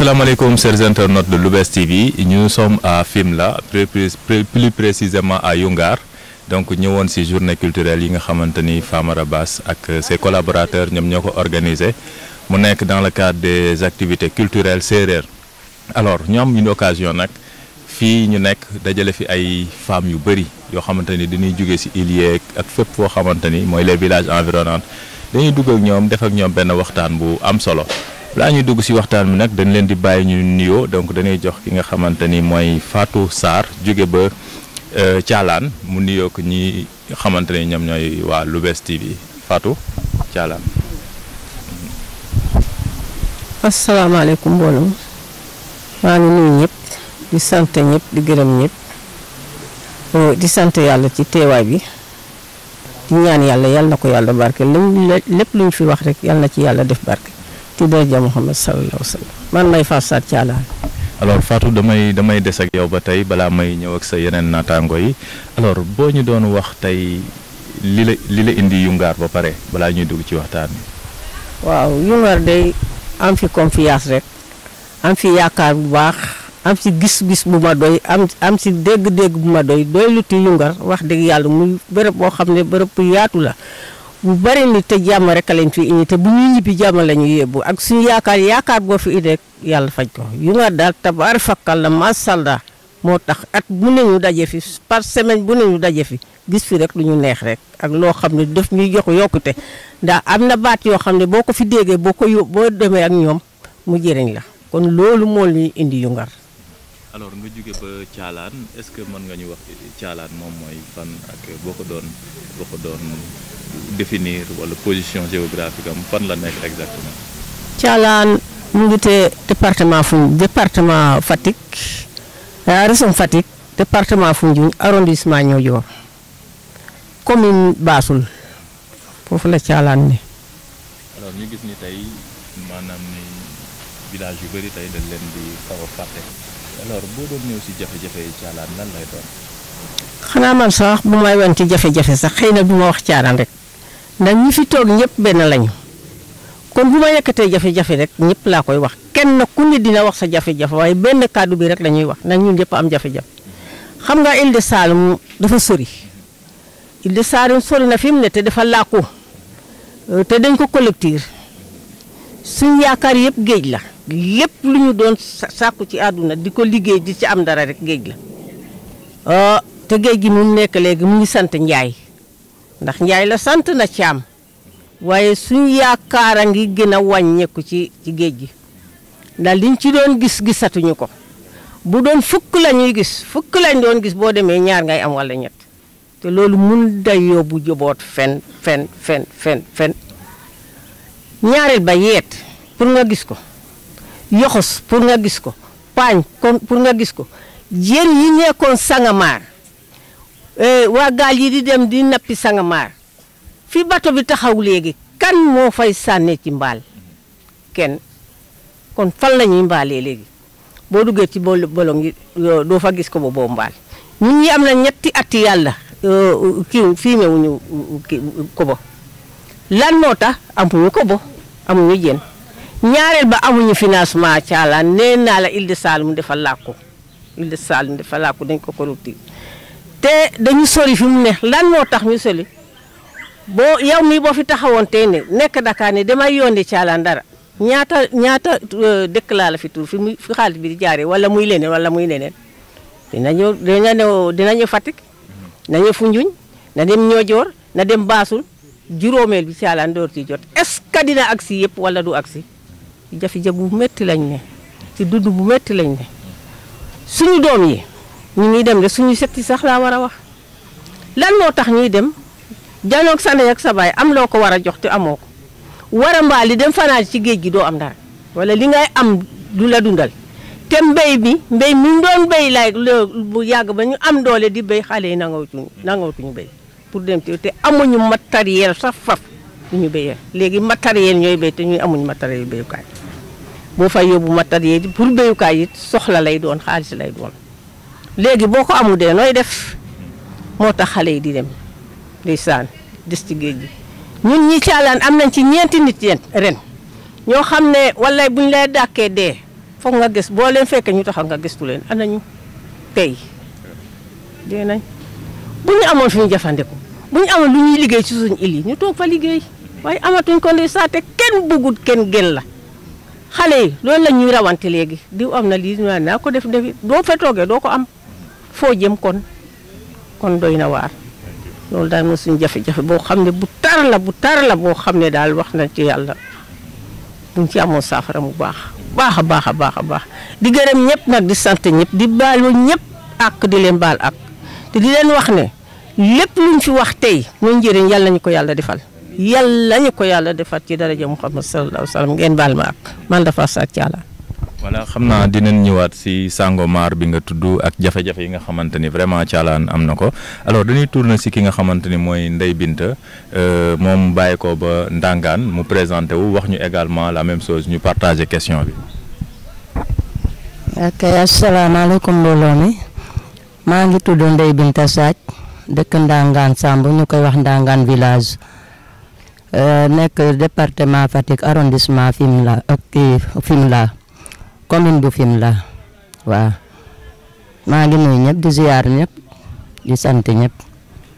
asalaamaaleykum chers internautes de Lou'Bess TV ñu sommes à Fimela plus précisément à Yungar donc ñëwoon ci journée culturelle yi nga xamante ni Famara Bass ak ses collaborateurs ñoom ñoo ko organisé mu nekk dans le cadre des activités culturelles séeréer alors ñu am occasion nag fii ñu nekk dajale fi ay femmes yu bëri yoo xamante ni dañuy jóge ci îles yeeg ak fépp foo xamante ni mooy les village environnants dañuy dugg ak ñoom def ak ñoom benn waxtaan bu am solo laa ñuy dugg ci waxtaan bi nag dañ leen di bàyyi ñu nuyoo donc dañuy jox ki nga xamante ni mooy Fatou saar jóge ba euh, Thialane mu nuyoo ko ñi xamante ne ñoom ñooy waa Lou'Bess TV Fatou Thialane. asalaamaaleykum mbooloo maa ngi nuyu ñëpp di sant ñëpp di gërëm ñëpp euh, di sant yàlla ci teewaay bi di ñaan yàlla yàlla na ko yàlla barke lépp luñ fi wax rek yàlla na ci yàlla def barke. ci daraja Muhammad sallallahu alayhi man may Fatou Sarr Thiala. alors Fatou damay damay des ak yow ba tey balaa may ñëw ak sa yeneen naataango yi alors boo ñu doon wax tey li la li la indi yungaar ba pare balaa ñuy dugg ci waxtaan bi. waaw yungaar day am fi confiance rek am fi yaakaar bu baax am si gis-gis bu ma doy am am si dégg-dégg bu ma doy doy lu ti wax dëgg yàlla muy bërëb boo xam ne bërëb bu yaatu la. bu bari nit te jàmm rek lañ fi indi te bu ñuy ñibbi jàmm la ñuy yóbbu ak suñu yaakaar yaakaar boo fi indi rek yàlla faj ko yu daal tabaar fakkal la masalda moo tax at bu ne ñu daje fi par semaine bu ne ñu daje fi gis fi rek lu ñu neex rek ak loo xam ne def ñuy jox yokkute ndax am na baat yoo xam ne boo ko fi déggee boo ko yób boo demee ak ñoom mu jëriñ la kon loolu moo ñu indi yu ngar. alors nga jóge ba Thialane est-ce que mën nga ñu wax Thialane moom mooy fan boo ko doon boo définir wala position géographique am fan la nekk exactement. Thialane mu ngi te département Foundiougne département Fatick ah, région fu département Foundiougne arrondissement Niodior commune baasul foofu la Thialane ni alors ñu gis ni tey maanaam ni village yu bëri tey dañ leen di xaw a fàtte boo doon ñëw si jafe-jafe yi Thialane lan lay doon. xanaa man sax bu may wan ci jafe-jafe sax xëy na bu ma wax Thialane rek. ndax ñi fi toog ñëpp benn lañu kon bu ma yëkkatee jafe-jafe rek ñëpp laa koy wax kenn ku ne dina wax sa jafe-jafe waaye benn kàddu bii rek la wax ndax ñun ñëpp am jafe-jafe xam nga Île de Saloum dafa sori Île de Saloum sori na fi mu ne te dafa làkku euh, te dañ ko collectir suñ yaakaar yëpp géej la lépp lu ñu doon sàkku ci àdduna di ko liggéey di ci am dara rek géej la euh, te géej gi mu nekk léegi mu ngi sant Njaay ndax Njaay la sant na Caam waaye suñu yaakaar a ngi gën a wàññeeku ci géej gi ndax liñ ci doon gis gisatuñu ko bu doon fukk la ñuy gis fukk lañ doon gis boo demee ñaar ngay am walla ñett te loolu mun day bu joboot fen fen fen fen fen ñaareel ba yeet pour nga gis ko yoxos pour nga gis ko paañ kon pour nga gis ko jën yi nekkoon sangamaar Eh, waa gaal yi di dem di nappi Sangomar fi bato bi taxaw léegi kan moo fay sànnee ci mbaal kenn kon fan la ñuy mbaalee léegi boo duggee ci boolu bolong yi doo fa gis ko ba boo mbaal ñun ñi am na ñetti atti yàlla kii fii mewuñu kii lan moo tax amuñu ko ba amuñu jën ñaareel ba amuñu financement caalaan nee naa la Île de Saloum dafa làkku Île de Saloum dafa làkku dañ ko korupti te dañu sori fi mu ne lan moo tax ñu soli boo yaw mii boo fi taxawoon tey ne nekk Dakar ne damay yónnee caalaan dara ñaata ñaata euh, dëkk fi tur fi muy fi bi di jaaree wala muy leneen wala muy leneen na dinañu dinañu Fatick nañu Foundiougne na dem Niodior na dem baasul juróomeel bi caalaan door ci jot est-ce dina agsi yëpp wala du agsi jafe-jafe bu métti lañ ne ci dund bu métti lañ ne suñu doom yi. ñu dem de suñu set yi sax laa war a wax lan moo tax ñuy dem janoog sa ndey ak sa baay am loo ko war a jox te amoo ko war a mbaali dem fanaan ci géej gi doo am dara wala li ngay am du la dundal te mbéy mi mbéy mi ñu doon béy laay bu yàgg ba ñu am doole di béy xale yi nangawtuñu nangawtuñu béy pour dem te amuñu matériel sax faf ñu béyee léegi matériel ñooy béy te ñuy amuñu matériel béyukaay boo fay yóbbu matériel pour béyukaay it soxla lay doon xaalis lay doon léegi boo ko amul dee nooy def moo tax xale yi di dem ndeysaan des ci géej gi ñun ñi caalaan am nañ ci ñeenti nit yéen ren ñoo xam ne wallay buñ ñu lay dàkkee dee foog nga ges boo leen fekkee ñu taxaw nga gëstu leen ana ñu tey dee nañ buñ ñu amoon fi ñu jafandiku bu ñu amoon lu ñuy liggéey ci suñ île ñu toog fa liggéey waaye amatuñ ko ndeysaan te ken bëggut kenn gën la xale yi loolu la ñuy rawante léegi diw am na lii ñu naa ko def def doo fa toogee doo ko am foo jëm kon kon doy na waar loolu daal mooy suñu jafe-jafe boo xam ne bu tar la bu tar la boo xam ne daal wax nañ ci yàlla buñ ci amoon saafara mu baax baax a baax a baax a baax di gërëm ñëpp nag di sant ñëpp di baalu ñëpp ak di leen baal ak te di leen wax ne lépp luñ fi wax tey muy njëriñ yàlla ñu ko yàlla defal yàlla ñu ko yàlla defal ci daraja Muhammad sallallahu alayhi wa sallam ngeen baal ma ak man dafa sàcc yàlla voilà xam naa dinañ ñëwaat si Sangomar bi nga tudd ak jafe-jafe yi nga xamante ni vraiment caalaan am na ko alors dañuy na si ki nga xamante ni mooy Ndeye Binta euh, moom bàyyi ko ba Ndangaan mu présenté wu wax ñu également la même chose ñu partager question bi. ok asalaamaaleykum mbooloo mi maa ngi tudd Ndeye Binta Saaj dëkk Ndangaan Samb ñu koy wax Ndangaan village. Euh, nekk département Fatick arrondissement Fimela euh, ak commune bu la waa maa ngi nuyu ñëpp di ziar ñëpp di sant ñëpp.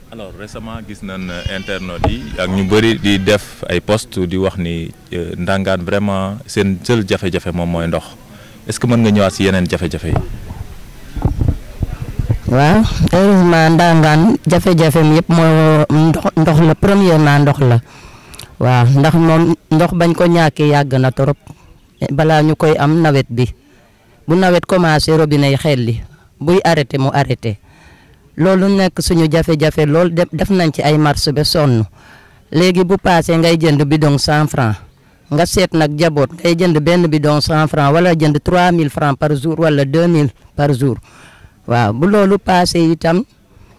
alors récemment gis nañ euh, internautes yi ak ñu bëri di def ay post di wax ni euh, Ndangaan vraiment seen seul jafe-jafe moom mooy ndox est-ce que mën nga ñëwaat si yeneen jafe-jafe yi. waaw heureusement Ndangaan jafe-jafem yëpp mooy ndox ndox la premièrement ndox la waaw ndax moom ndox bañ ko ñàkkee yàgg na trop. balaa ñu koy am nawet bi bu nawet commencé robinet yi xelli buy arrêté mu arrêté loolu nekk suñu jafe-jafe lool def nañ ci ay marché be sonn léegi bu paase ngay jënd bidon cent franc nga seet nag jaboot ngay jënd benn bidon cent franc wala jënd trois mille franc par jour wala deux mille par jour waaw bu loolu paasee itam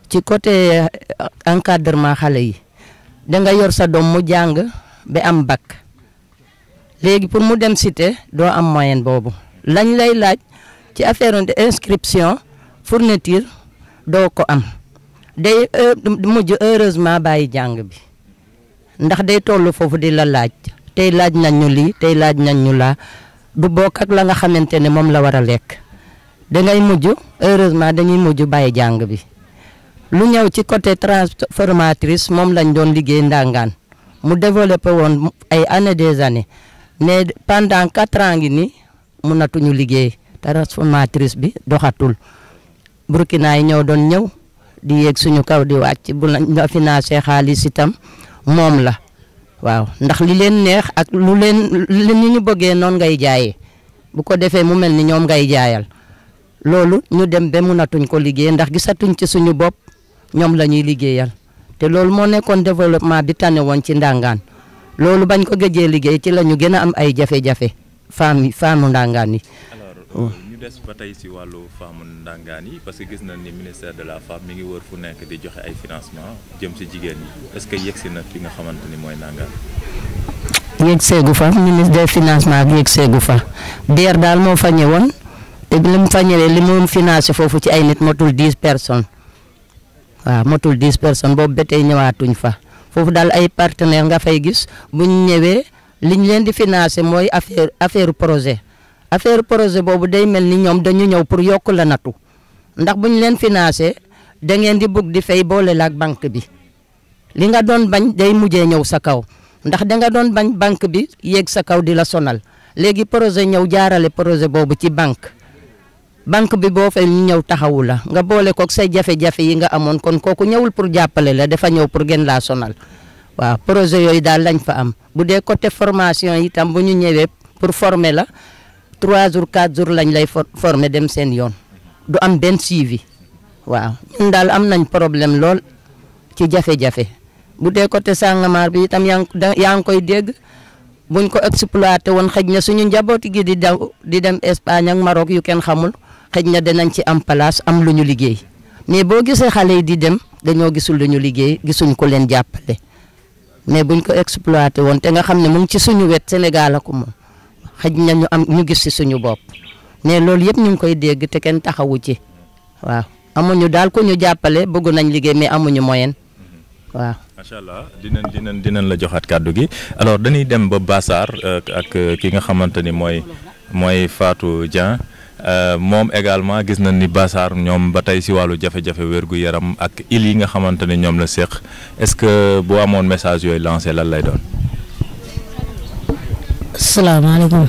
ci côté euh, encadrement xale yi da nga yor sa mu jàng ba am bac léegi pour mu dem cité doo am moyen boobu lañ lay laaj ci affaire inscription fourniture doo ko am day euh, mujj heureusement bàyyi jàng bi ndax day toll foofu di la laaj tey laaj nañ ñu lii tey laaj nañ ñu laa du bokk la nga xamante ne moom la war a lekk dangay mujj heureusement dañuy mujj bàyyi jàng bi lu ñëw ci côté transformatrice moom lañ doon liggéey ndangaan mu développé woon ay années des années mais pendant quatre ans ngi ni mënatuñu liggéey transformatrice bi doxatul burkina yi ñoo doon ñëw di yéeg suñu kaw di wàcc bu la financé xaalis itam moom la waaw ndax li leen neex ak lu leen li ñu bëggee noon ngay jaayee bu ko defee mu mel ni ñoom ngay jaayal loolu ñu dem ba mënatuñ ko liggéey ndax gisatuñ ci suñu bopp ñoom la ñuy liggéeyal te loolu moo nekkoon développement bi tane woon ci ndàngaan loolu bañ ko géjee liggéey ci la ñu gën a am ay jafe-jafe femme yi femme euh, ñu des ba tey si wàllu femme ndàngaan yi parce que gis nañ ni ministère de la femme mi ngi wër fu nekk di joxe ay financement jëm si jigéen ñi est-ce que yegsi na fi nga xamante ni mooy ndàngaan. yegg seegu fa ministre des financement ak yegg seegu fa DER daal moo fa woon te li mu fa li mu financé foofu ci ay nit motul dix personnes waaw motul dix personnes boobu ba tey ñëwaatuñ fa. foofu daal ay partenaire nga fay gis bu ñu ñëwee li leen di financé mooy affaire affaire projet affaire projet boobu day mel ni ñoom dañu ñëw pour yokk la natu ndax bu ñu leen financé da ngeen di bugg di fay boole la ak banque bi li nga doon bañ day mujjee ñëw sa kaw ndax da nga doon bañ banque bi yéeg sa kaw di la sonal léegi projet ñëw jaarale projet boobu ci banque banque bi boo fee ñu ñëw taxawu la nga boole kook say jafe-jafe yi nga amoon kon kooku ñëwul pour jàppale la dafa ñëw pour gën laa sonal waaw projet yooyu daal lañ fa am bu dee côté formation yi tam bu ñu ñëwee pour former la trois jours quatre jours lañ lay former dem seen yoon du am benn suivi waaw ñun daal am nañ problème lool ci jafe-jafe bu dee côté Sangomar bi itam yaa ngi koy dégg buñ ko exploité woon xëj na suñu njabooti gi di daw di dem Espagne ak Maroc yu kenn xamul. xëj na danañ ci am place am lu ñu liggéey mais boo gisee xale yi di dem dañoo gisul lu ñu liggéey gisuñ ko leen jàppale mais buñ ko exploité woon te nga xam ne mu ngi suñu wet Sénégal xëj na am ñu gis ci suñu bopp mais loolu yëpp ñu ngi koy dégg te kenn taxawu ci waaw ñu daal ko ñu jàppale bëgg nañ liggéey mais amuñu moyen waaw. macha allah dinañ dinañ la joxaat kàddu gi alors dañuy dem ba Bassar euh, ak ki nga xamante ni mooy mooy Fatou Dieng Euh, moom également gis nañ ni Bassar ñoom ba tey si wàllu jafe-jafe yaram ak il yi nga xamante ne ñoom la séq est-ce que boo amoon message yooyu lancé lan lay doon. salaamaaleykum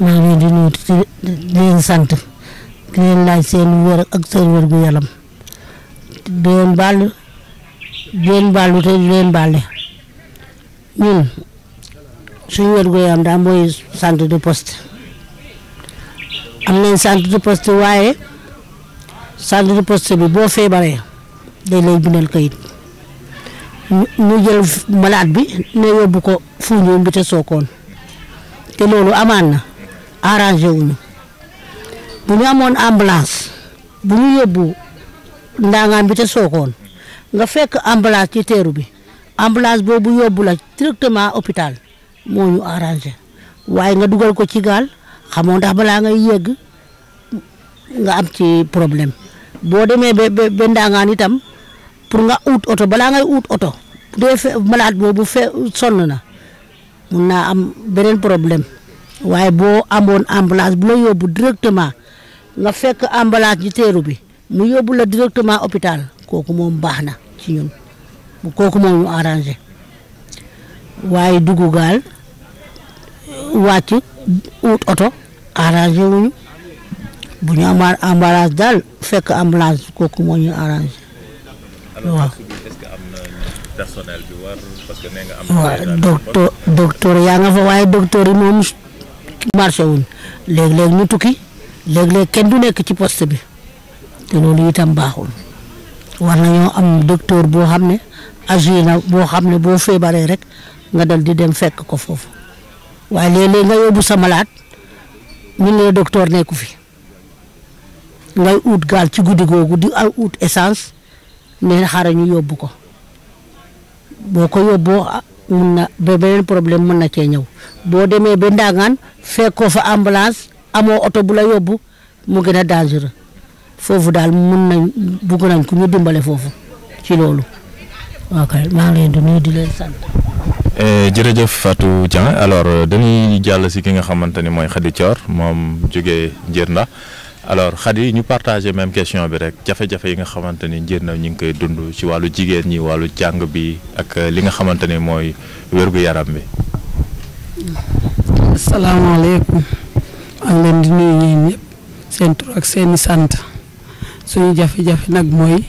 maa ngi leen di nuyu di leen sant di leen laaj seen wér yaram di leen baal di leen di leen baale ñun suñu wér-gu-yaram daa mooy centre de poste. am nañ centre de poste waaye centre de poste bi boo feebaree day lay bindal kayit ñu jël malaat bi ne yóbbu ko fu ñu bi te sookoon te loolu amaan na arrangé wuñu bu ñu amoon ambulance bu ñu yóbbu ndaangaan bi sookoon nga fekk ambulance ci teeru bi ambulance boobu yóbbu la directement hôpital moo ñu arrangé waaye nga dugal ko ci xamoo ndax balaa nga yegg nga am ci problème boo demee ba ba ba itam pour nga uut oto balaa ngay uut oto bu dee fe malade boobu fe sonn na mun naa am beneen problème waaye boo amoon ambulance bu la directement nga fekk ambulance ci teeru bi mu yóbbu la directement hôpital kooku moom baax na ci ñun arrangé waaye dugg gaal wàcc. ut oto arrangé wuñu bu ñu amaan emballage daal fekk ambulance kooku moo ñu arrangé waaw. personnel bi yaa nga fa waaye docteur yi moom marché wuñ léeg-léeg ñu tukki léeg-léeg kenn du nekk ci poste bi te loolu itam baaxul war nañoo am docteur boo xam ne agi boo xam ne boo feebaree rek nga dal di dem fekk ko foofu. waaye léeg-léeg nga yóbbu sa malaat ñu ne docteur nekku fi ngay ut gaal ci guddi googu di a ut essence ne xaaral ñu yóbbu ko boo ko yóbboo ah, mun na ba beneen problème mën na cee ñëw boo demee ba Ndangaan fekkoo fa ambulance amoo oto bu mu gën a dangereux foofu daal mun nañ bugg nañ ku ñu dimbale foofu ci loolu. waaw kay maa ngi leen di nuyu di Eh, jërëjëf Fatou Dieng alors euh, dañuy jàll si ki nga xamante ni mooy Khady Thior moom jóge jógee na alors Khady ñu partagé même question bi rek jafe-jafe yi nga xamante ni na ñu ngi koy dund ci wàllu jigéen ñi wàllu jàng bi ak euh, li nga xamante ni mooy wér-gu-yaram bi. asalaamaaleykum maa ngi leen di nuyu ñeen ñëpp seen tur seeni sant suñu jafe-jafe nag mooy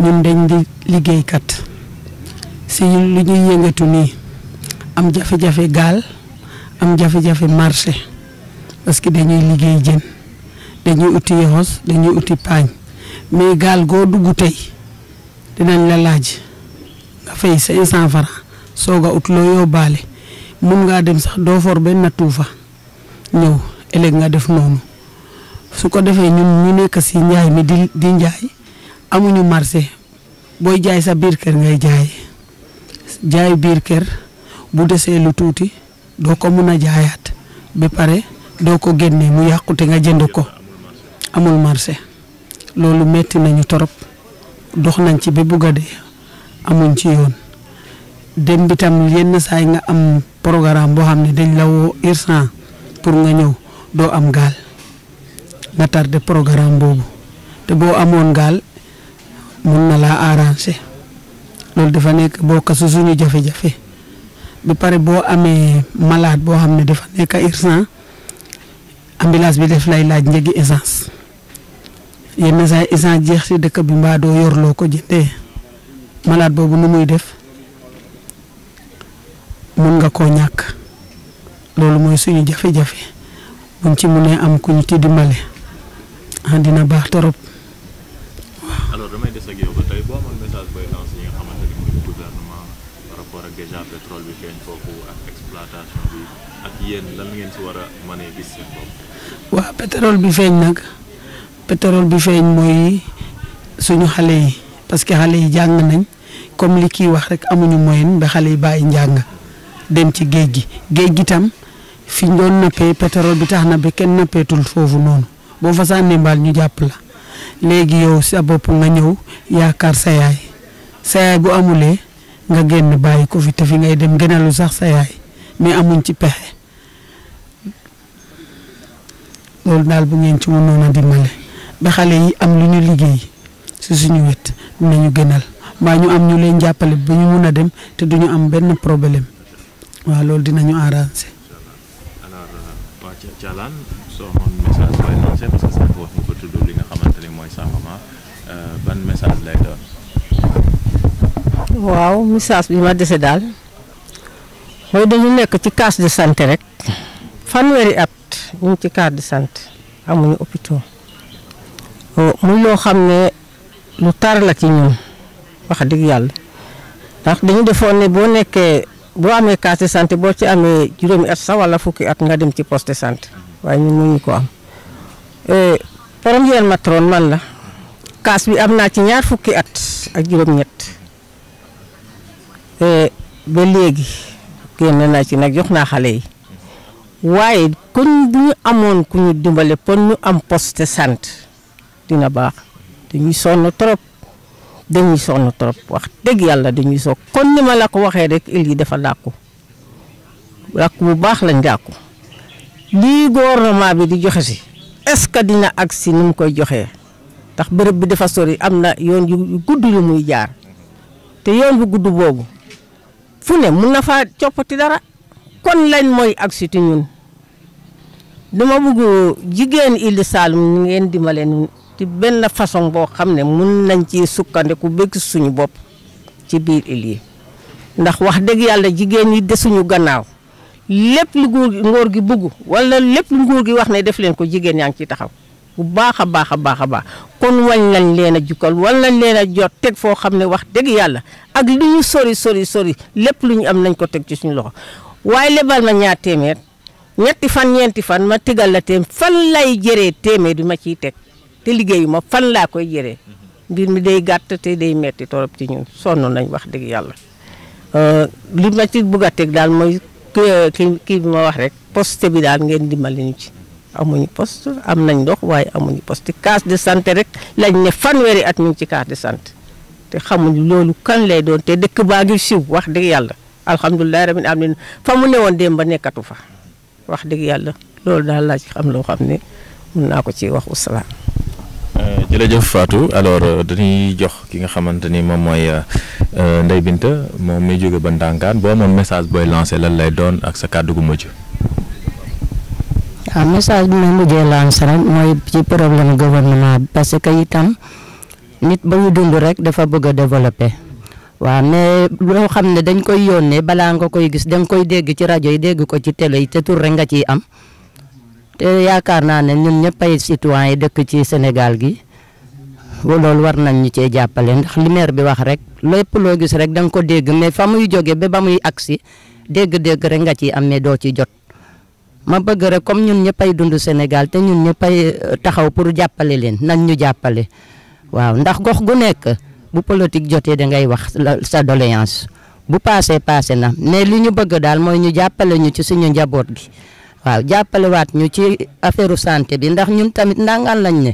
ñun dañ di liggéeykat. si lu ñuy yëngatu nii am jafe-jafe gaal am jafe-jafe marché parce que dañuy liggéey jën dañuy uti yoxos dañuy uti paañ mais gaal goo dugg tey dinañ la laaj nga fay 500 francs soog a ut loo yóbbaale mun ngaa dem sax doo for benn tuufa ñëw ëllëg nga def noonu su ko defee ñun ñu nekk si njaay mi di di njaay amuñu marché booy jaay sa biir kër ngay jaay jaay biir kër bu desee lu tuuti doo ko mën a jaayaat ba pare doo ko génne mu yàqute nga jënd ko amul marché loolu metti nañu torop dox nañ ci ba bugg a dee amuñ ci yoon dem bi tam yenn saay nga am programme boo xam ne dañ la woo pour nga ñëw doo am gaal nga tardé programme boobu te boo amoon gaal mun na laa arranger. loolu dafa nekk boo su suñu jafe-jafe ba pare boo amee malaad boo xam ne dafa nekk urgent ambulance bi def lay laaj njëgi essence yenn saa essence jeex si dëkk bi mbaa doo loo ko jëndee malaad boobu nu muy def mun nga koo ñàkk loolu mooy suñu jafe-jafe buñ ci munee am kuñ ci dimbale ah, dina baax torop yéen lan bi feeñ nag pétrole bi feeñ mooy suñu xale yi parce que xale yi jàng nañ comme li kii wax rek amuñu moyen ba xale yi bàyyi njàng dem ci géej gi géej gi tam fi ñu doon nappee pétrole bi tax na ba kenn nappeetul foofu noonu boo fa sànnee mbaal ñu jàpp la léegi yow sa bopp nga ñëw yaakaar sa yaay sa yaay bu amulee nga génn bàyyi ko fi te fi ngay dem gënalu sax sa yaay mais amuñ ci pexe loolu daal bu ngeen ci mënoon a dimbale ba xale yi am lu ñu liggéey si suñu wet nañu gënal mbaa ñu am ñu leen jàppale ba ñu mun a dem te duñu am benn problème waaw loolu dinañu arrangé. alors euh, waa Thialane soo amoon message booy lancé euh, bi ma dese daal mooy dañu nekk ci case de santé rek. fanweeri at ñu ci carte de santé amuñu hôpital euh, muy loo xam ne lu tar la ci ñun wax dëgg yàlla ndax dañu defoon ne boo nekkee boo amee carte de santé boo ci amee juróomi at sa wala fukki at nga dem ci poste de santé waaye ñun mënuñu ko am euh, première matron man la kaas bi am naa ci ñaar fukki at ak juróom-ñett euh, ba léegi génn naa ci nag jox na xale yi. waaye kon bu amoon ku ñu dimbale pon ñu am poste sant dina baax dañuy sonn trop dañuy sonn trop wax dëgg yàlla dañuy soog kon ni ma la ko waxee rek il yi dafa làkku làkku bu baax lañ làkku lii gouvernement bi di joxe si est-ce que dina àgg si ni koy joxee ndax bërëb bi dafa sori am na yoon yu gudd yu muy jaar te yoon bu gudd boobu fu ne mun na faa dara kon lañ mooy àgg si ñun. dama bëgg jigéen Ile Saloum mu ngeen dimaleen ci benn façon boo xam ne mun nañ ci sukkandiku bëgg suñu bopp ci biir il ndax wax dëgg yàlla jigéen yi desuñu gannaaw lépp lu ngóor gi bëgg wala lépp lu gi wax ne def leen ko jigéen yaa ngi ciy taxaw bu baax a baax a baax a baax kon wañ lañ leen a jukkal walla lañ leen a jot teg foo xam ne wax dëgg yàlla ak lu ñu sori sori sori lépp lu ñu am nañ ko teg ci suñu loxo waaye lebal ma ñaar ñetti fan ñeenti fan ma tigal la téem fan lay jëree téeméer bi ma ciy teg te liggéeyu ma fan laa koy jëree mbir mi day gàtt te day metti torop ci ñun sonn nañ wax dëgg yàlla euh, li ma ci bëgg a teg daal mooy kii kii ma wax rek poste bi daal ngeen dimbali ñu ci amuñu post am nañ ndox waaye amuñu poste case de sante rek lañ ne fanweeri at ñu ci case de santé te xamuñu loolu kan lay doon te dëkk baa ngi siw wax dëgg yàlla alhamdulilah rabbil alamin fa mu newoon démb ba nekkatu fa wax dëgg yàlla loolu daal laa ci xam loo xam ne mun naa ko ci wax wasalaam. Euh, jërëjëf Fatou alors euh, dañuy jox ki nga xamante ni moom mooy euh, Ndeye Binta moom mi jóge ba ndànkaan boo moom message booy lancé lan lay doon ak sa kàddu gu mujj. waaw ah, message bi ma mujjee lancé rek mooy ci problème gouvernement parce que itam nit ba ñu dund rek dafa bëgg a waaw mais loo xam ne dañ koy yónnee balaa nga koy gis danga koy dégg ci rajo yi dégg ko ci télé yi te tur rek nga ciy am te yaakaar naa ne ñun ñëpp ay citoyen yi dëkk ci Sénégal gi loolu war nañ ñu cee jàppale ndax li bi wax rek lépp loo gis rek danga ko dégg mais fa muy jóge ba ba muy agsi dégg-dégg rek nga ciy am mais doo ci jot ma bëgg rek comme ñun ñëpp ay dund Sénégal te ñun ñëpp pay euh, taxaw pour jàppale leen nañ ñu jàppale waaw ndax gox gu bu politique jotee da ngay wax sa doléance bu passé paase na mais li ñu bëgg daal mooy ñu jàppale ñu ci suñu njaboot gi waaw jàppalewaat ñu ci affaire sante bi ndax ñun tamit ndangaan lañ ne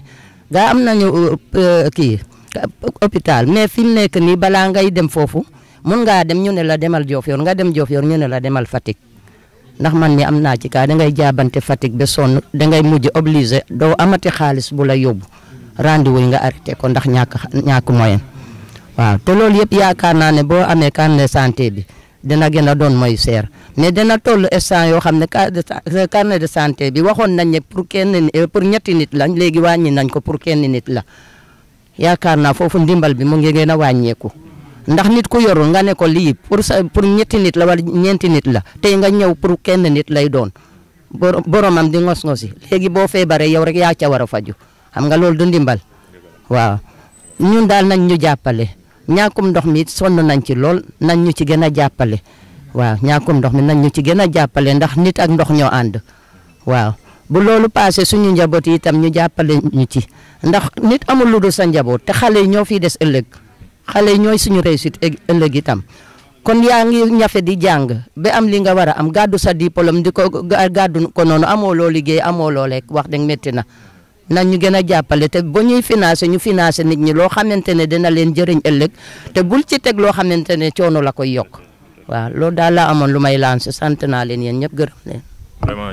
gaa am nañu euh, euh, kii hôpital mais fi mu nekk nii balaa ngay dem foofu mun ngaa dem ñu ne la demal Diofior nga dem Diofior ñu ne demal Fatick ndax man mi am naa ci kaa da ngay jaabante Fatick ba sonn da ngay mujj obligé doo amati xaalis bu la yóbbu rendez-vous nga arrêté ko ndax ñàkk ñàkk moyen waaw te loolu yëpp yaakaar naa ne boo amee carnet de santé bi dina gën a doon mooy seer mais dina toll instant yoo xam ne carnet euh, de santé bi waxoon nañ ne pour kenn euh, pour ñetti nit lañ léegi wàññi nañ ko pour kenn nit la yaakaar naa foofu ndimbal bi mu ngi gën a wàññeeku ndax nit ku yorul nga ne ko lii pour pour ñetti nit la wala ñeenti nit la tey nga ñëw pour kenn nit lay doon boromam di ngos-ngosi léegi boo feebaree yow rek yaa ca war a faju xam nga loolu du ndimbal ñàkkum ndox mi sonn nañ ci lool nañ ñu ci gën a jàppale waaw ñàkkum ndox mi nañ ñu ci gën a jàppale ndax nit ak ndox ñoo ànd waaw bu loolu passé suñu njaboot yi itam ñu jàppale ñu ci ndax nit amul lu sa njaboot te xale yi ñoo fiy des ëllëg xale yi ñooy suñu réussite ëllëg itam kon yaa ngi ñafe di jàng ba am li nga war a am gàddu sa diplôme di ko gàddu ko noonu amoo loo liggéey amoo loo lekk wax dëgg métti na. nañ ñu gën a jàppale te ba ñuy financé ñu financé nit ñi loo xamante ne dina leen jëriñ ëllëg te bul ci teg loo xamante ne coono la koy yokk waaw loolu daal la amoon lu may lancé sant naa leen yéen ñëpp gërëm leen.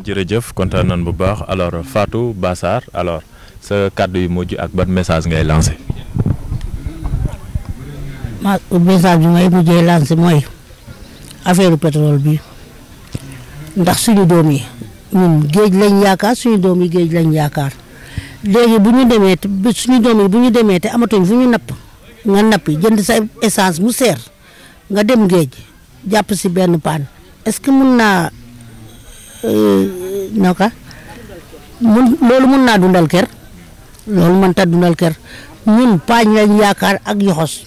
jërëjëf kontaan nañ bu baax alors Fatou Bassar alors sa kàddu yi mujj ak ban message ngay lancé. ma message bi may mujjee lancé mooy affaire pétrole bi ndax suñu doom yi géej lañ yaakaar suñu doom yi géej lañ yaakaar. léegi bu ñu demee te suñu doom yi bu ñu demee te amatuñ fu ñu napp nga nappi jënd sa essence mu seer nga dem géej jàpp si benn paan est-ce que mun naa euh, naka mun loolu mun naa dundal kër loolu mën ta dundal kër ñun paañ lañ yaakaar ak yoxos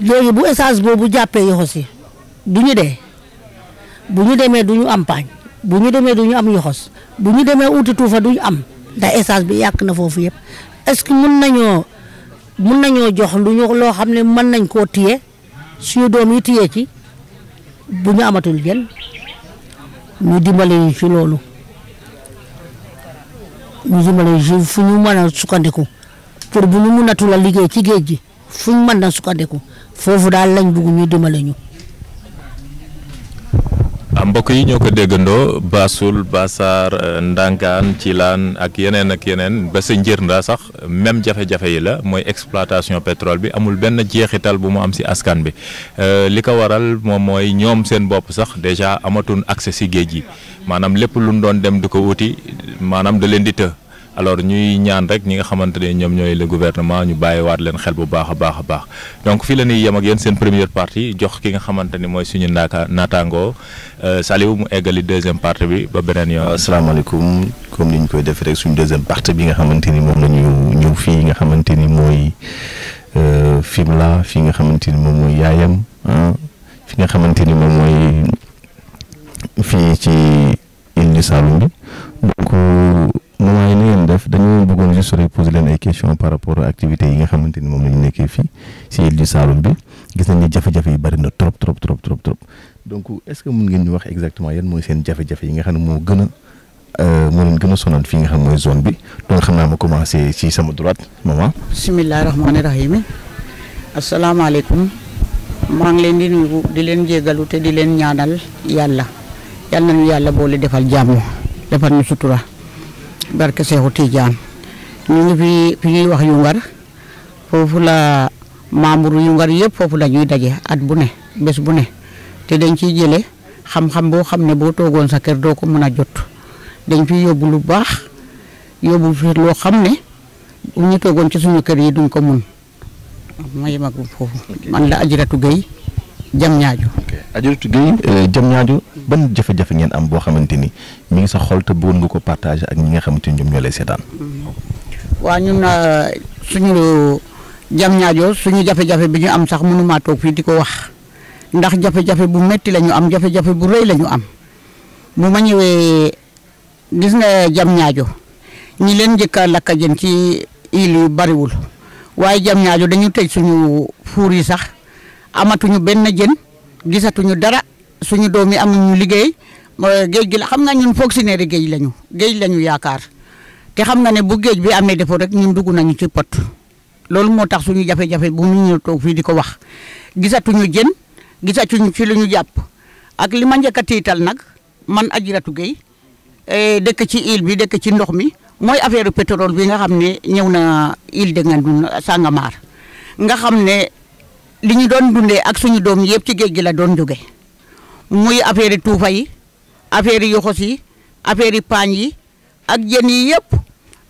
léegi bu essence boobu jàppee yoxos yi du ñu dee bu ñu demee du ñu am paañ bu ñu demee du ñu am yoxos bu ñu demee uuti tuufa du ñu am ndax essence bi yàq na foofu yëpp est-ce que mun nañoo mun nañoo jox lu loo xam ne mën nañ koo téye suñu doom yi téye ci bu ñu amatul jël ñu dimbale ñu ci loolu ñu dimbale ci fu ñu mën a sukkandiku pour bu ñu mënatul a liggéey ci géej gi fu ñu mën a sukkandiku foofu daal lañ bugg ñu dimbale ñu. Ah, mbokk yi ñoo ko déggandoo Bassoul Bassar euh, Ndangaan Thilaan ak yeneen ak yeneen ba sa njër ndaa sax même jafe-jafe yi la mooy exploitation pétrole bi amul benn jeexital bu mu am si askan bi euh, li ko waral moom mooy ñoom seen bopp sax déjà amatuñ accès si géej gi maanaam lépp luñ doon dem di ko wuti maanaam da leen di të alors ñuy ñaan rek ñi nga xamante ne ñoom ñooy le gouvernement ñu waat leen xel bu baax a baax a baax donc fii la ñuy yem ak yéen seen première partie jox ki nga xamante ni mooy suñu naaka naataangoo euh, Saliou mu eggali deuxième partie bi ba beneen yoon. waaw asalaamaaleykum comme ni ñu koy defee rek suñu deuxième partie bi nga xamante ni moom la ñu ñëw fii nga xamante ni mooy euh, Fimela fi nga xamante ni moom mooy yaayam fi nga xamante ni moom mooy fii ci île du Saloum bi def dañu bëggoon juste rek poser leen ay question par rapport à activités yi nga xamante ni moom la nekkee fii si île du Saloum bi gis nañ jafe-jafe yi bëri na trop trop trop trop trop donc est-ce que mun ngeen ñu wax exactement yan mooy seen jafe-jafe yi nga xam ne moo gën a euh, moo leen gën a sonal fii nga xam mooy zone bi donc xam naa ma commencé si sama droite maman. bisimilah rahmaani rahim asalaamaaleykum maa ngi leen di nuyu di leen jégalu te di leen ñaanal yàlla yàlla nañu yàlla boole defal jàmm defal ñu sutura. barke Seexu tiijaan ñu ngi fi fi ñuy wax yungar foofu la membre yungar yëpp foofu la ñuy daje at bu ne bés bu ne te dañ ciy jële xam-xam boo xam ne boo toogoon sa kër doo ko mën a jot dañ fi yóbbu lu baax yóbbu fi loo xam ne ñu toogoon ci suñu kër yi duñ ko mun ma yem ak foofu man la Ajiratu Gueye jam ñaaju. ok Adjaratou Gueye jam euh, ñaaju jafe-jafe ngeen am boo xamante ni mu ngi sa xol te bëggoon nga ko partager ak ñi nga xamante ni ñoom ñoo lay seetaan. waa ñun euh, suñu jam ñaajo suñu jafe-jafe bi ñu am sax mënumaa toog di ko wax ndax jafe-jafe bu metti lañu am jafe-jafe bu rëy la am mu ma ñëwee gis nga jam ñaajo ñi leen njëkk a lakk jën ci île yu bariwul waaye jam ñaajo dañu tëj suñu fuur yi sax. amatuñu benn jën gisatuñu dara suñu doom yi amuñu liggéey géej gi la xam nga ñun fonctionnaire géej lañu géej lañu yaakaar te xam nga ne bu géej bi amee défaut rek ñun dugg nañu ci pot loolu moo tax suñu jafe-jafe bu ñu toog fii di ko wax gisatuñu jën gisatuñu ci lu ñu jàpp ak li ma njëkk a tiital nag man Adjaratou Gueye eh, dëkk ci île bi dëkk ci ndox mi mooy affaire pétrole bi nga xam ne ñëw na île de Ngandun Sangomar nga xam ne li ñu doon dundee ak suñu doom yëpp ci géej gi la doon jóge muy affaire yi tuufa yi affaire yi yoxos yi affaire yi paañ yi ak jën yi yëpp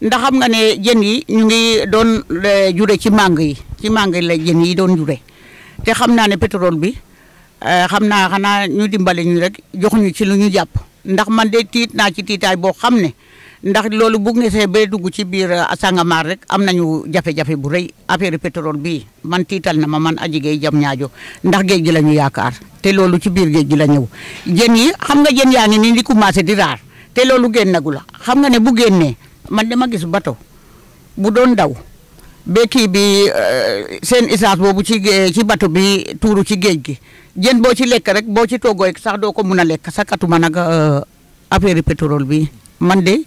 ndax xam nga ne jën yi ñu ngi doon eh, jure ci màng yi ci màng yi la jën yi doon jure te xam naa ne pétrole bi eh, xam naa xanaa ñu dimbale ñu rek joxuñu ci lu ñu jàpp ndax man de tiit naa ci tiitaay boo xam ne ndax loolu bu ngesee bay dugg ci biir uh, sangamar rek am nañu jafe-jafe bu rey affaire pétrole bii man tiital na ma man aji géey jam ñaajo ndax géej gi la ñu yaakaar te loolu ci biir géej gi la ñëw jën yi xam nga jën yaa ngi nii di commencé di raar te loolu génnagul xam nga ne bu génnee man ma gis bato bu doon daw be kii bi uh, seen essence boobu ci ci bato bi tuuru ci géej gi jën boo ci lekk rek boo ci toggoo sax doo ko mun a lekk sakatuma nag uh, affaire pétrole bi man de.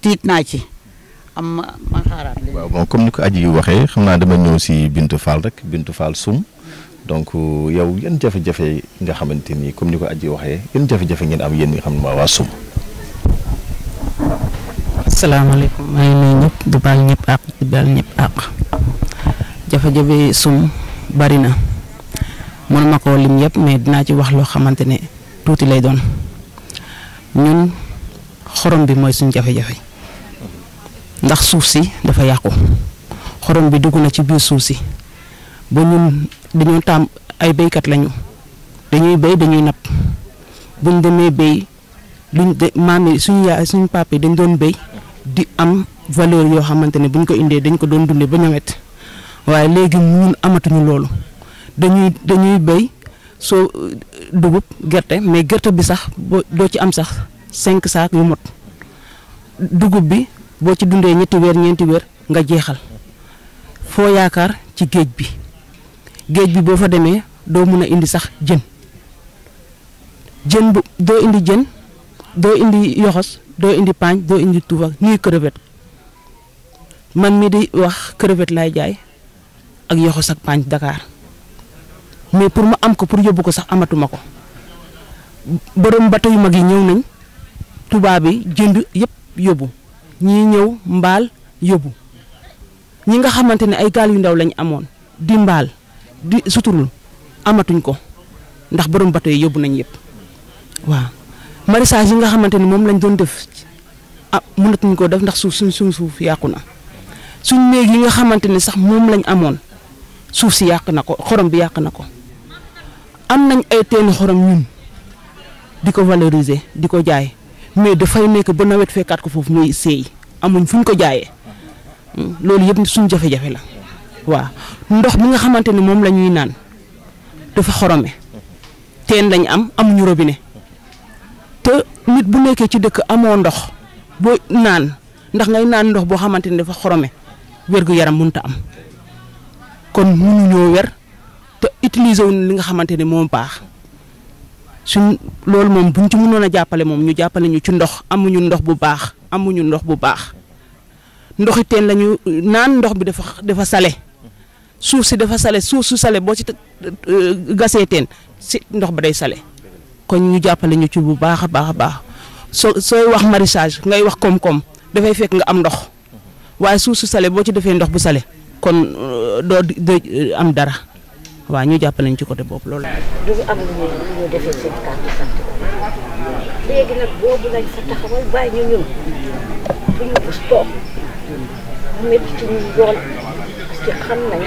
tiit naa ci am ma ma xaaraat. waaw bon comme ni ko yi waxee xam naa dama ñëw si Bintu Fall rek Bintu Fall sum donc euh, yow yan jafe-jafe nga xamante ni comme ni ko aji waxee yan jafe-jafe ngeen am yéen xam ne waa sum. asalaamaaleykum maa ngi nuyu ñëpp bari na mënuma koo lim yëpp mais dinaa ci wax loo xamante ne tuuti lay doon ñun xorom bi mooy suñ jafe-jafe. ndax suuf si dafa yàqu xorom bi dugg na ci biir suuf si ba ñun dañoo taam ay béykat lañu dañuy béy dañuy napp buñ demee béy luñ de maam suñu yaay suñu papa yi dañ doon béy di am valeur yoo xamante ne buñ ko indee dañ ko doon dundee ba ñawet waaye léegi ñun amatuñu loolu dañuy dañuy béy soo dugub gerte mais gerte bi sax doo ci am sax cinq saak yu mot dugub bi. boo ci dundee ñetti weer ñeenti wér nga jeexal foo yaakaar ci géej bi géej bi boo fa demee doo mun a indi sax jën jën bu doo indi jën doo indi yoxos doo indi paañ doo indi tuufa nii crevette man mi di wax crevette laay jaay ak yoxos ak paañ Dakar mais pour ma am ko pour yóbbu ko sax amatuma ko borom bato yu mag yi ñëw nañ tubaab bi jënd yëpp yóbbu. ñii ñëw mbaal yóbbu ñi nga xamante ne ay gaal yu ndaw lañ amoon di mbaal di suturul amatuñ ko ndax borom bato yi yóbbu nañ yëpp waaw maraîchage yi nga xamante ne moom lañ doon def ah mënatuñ koo def ndax suuf suñ suñ suuf yàqu na suñ néeg yi nga xamante ne sax moom lañ amoon suuf si yàq na ko xorom bi yàq na ko am nañ ay teenu xorom ñun di ko valoriser di ko jaay. mais dafay nekk ba nawet fekkaat ko foofu mooy seey amuñ fu ñu ko jaayee loolu yëpp suñ jafe la waaw ndox bi nga xamante ni moom lañuy naan dafa xorome teen lañ am amuñu robinet te nit bu nekkee ci dëkk amoo ndox boo naan ndax ngay naan ndox boo xamante ni dafa xorome wergu yaram mënta am kon mënuñoo wer te utiliser wuñ li nga xamante ne moom baax suñ loolu moom buñ ci mënoon a jàppale moom ñu jàppale ñu ci ndox amuñu ndox bu baax amuñu ndox bu baax ndoxi teen lañu naan ndox bi dafa dafa sale suuf si dafa sale suuf su sale boo ci euh, gasee teen si ndox ba day sale kon ñu jàppale ñu ci bu baax a baax a baax soo wax maraîchage ngay wax koom dafay fekk nga am ndox waaye suuf su sale boo ci defee ndox bu sale kon euh, doo euh, am dara waa ñu jàppale ñu ci côté boobu loolu. du ñu am lu ñu ñu defee seen carte léegi nag boobu lañ fa taxawal bàyyi ñu ñun bu ñu bës toog mu métti ci ñun yoon parce xam nañ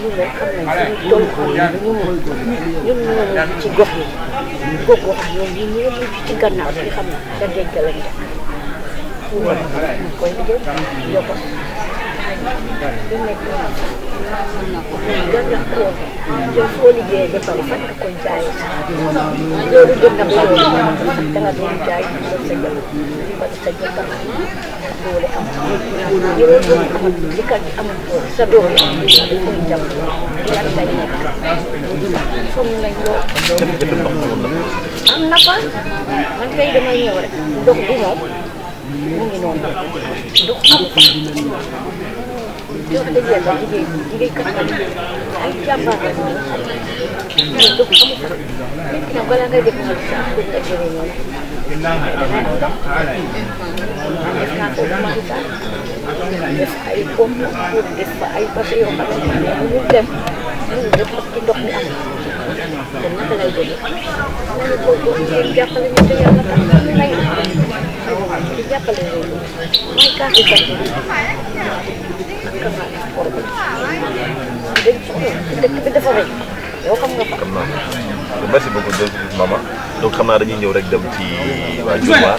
ñu ne xam nañ suñu tool ñu ci gox ci xam na da denc jërëjëf yow soo liggéeyee ba pare fan nga koy jaay loolu jot na ko da nga doon jaay di ko sa jël di ko sa jël ba doole am yow doole amul li kat amul doole sa doole da koy jàpp lan lay nekk foog nañ loo am na fa man kay damay ñëw rek ndox bi moom mu ngi noonu ndox am fa wax dëgg yàlla liggéey liggéeykat ay jàmbaar la ñu ngi ko xam nit ki nag balaa ngay def moom sax dëgg la jëriñoo la dafay am tax def naa ko humanitaire def ay pompe pour def fa ay bateau yoo xam ne ñu dem ñu def ak ci ndox mi am kon naka lay demee nañu ko jàppale ñu te yàlla tax may xam naa merci beaucoup donc xam naa dañuy ñëw rek dem ci waa Dionewar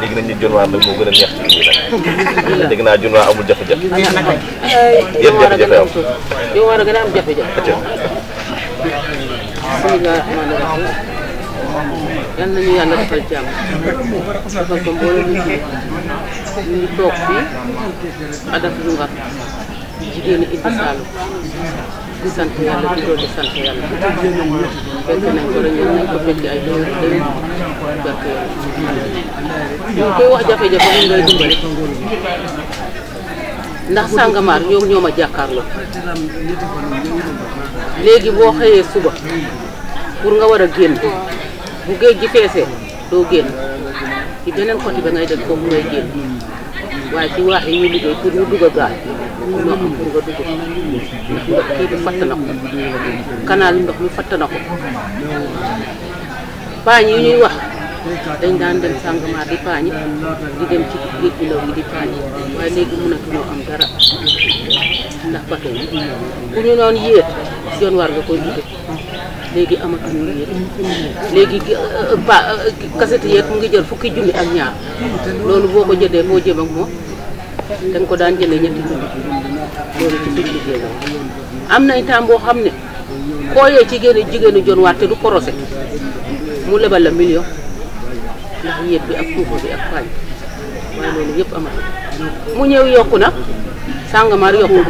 dégg nañ ni Dionewar nag moo gën a neex ci lii nag dégg naa Dionewar amul jafe-jafe. yéen jafe-jafe am. Dionewar a gën a am jafe-jafe. yal nañu yàlla defal jàmm defal ko mboolem ñu toog fii adaf lu ngar jigéeni Idda sant yàlla di doon sant yàlla fekk nañ ko rek nañ ko fekk ay doon day barke yàlla ñu koy wax jafe-jafe ñu ngay dimbali ndax Sàngamar ñoom ñoo ma jàkkaarloo léegi boo xëyee suba pour nga war a génn bu géej gi feesee doo génn ci beneen côté ba ngay dem foofu ngay génn waaye ci waax yi ñuy liggéey pour ñu dugg a gaal ndox pour nga dugg ko ndox kii bi fatt na ko canal ndox mi fatt ko baañ yi ñuy wax dañ daan dem sangement di paañi di dem ci géej gi law yi di paañi waaye léegi mënatuñoo am dara ndax bato yi ku ñu noon yéet yoon war nga koy duggee léegi amatuñu yéet léegi euh, pa kaset euh, yéet mu ngi jël fukki junni ak ñaar loolu boo ko jëndee moo jëm ak moom dañ ko daan jële ñetti junni loolu ci suñu liggéey la am na tam boo xam ne koo yee ci génne jigéenu jon waat te du korosé mu lebal la million ndax ak kuufa bi ak paañ waaye loolu yëpp amatul mu ñëw yokku na sàngomar yokku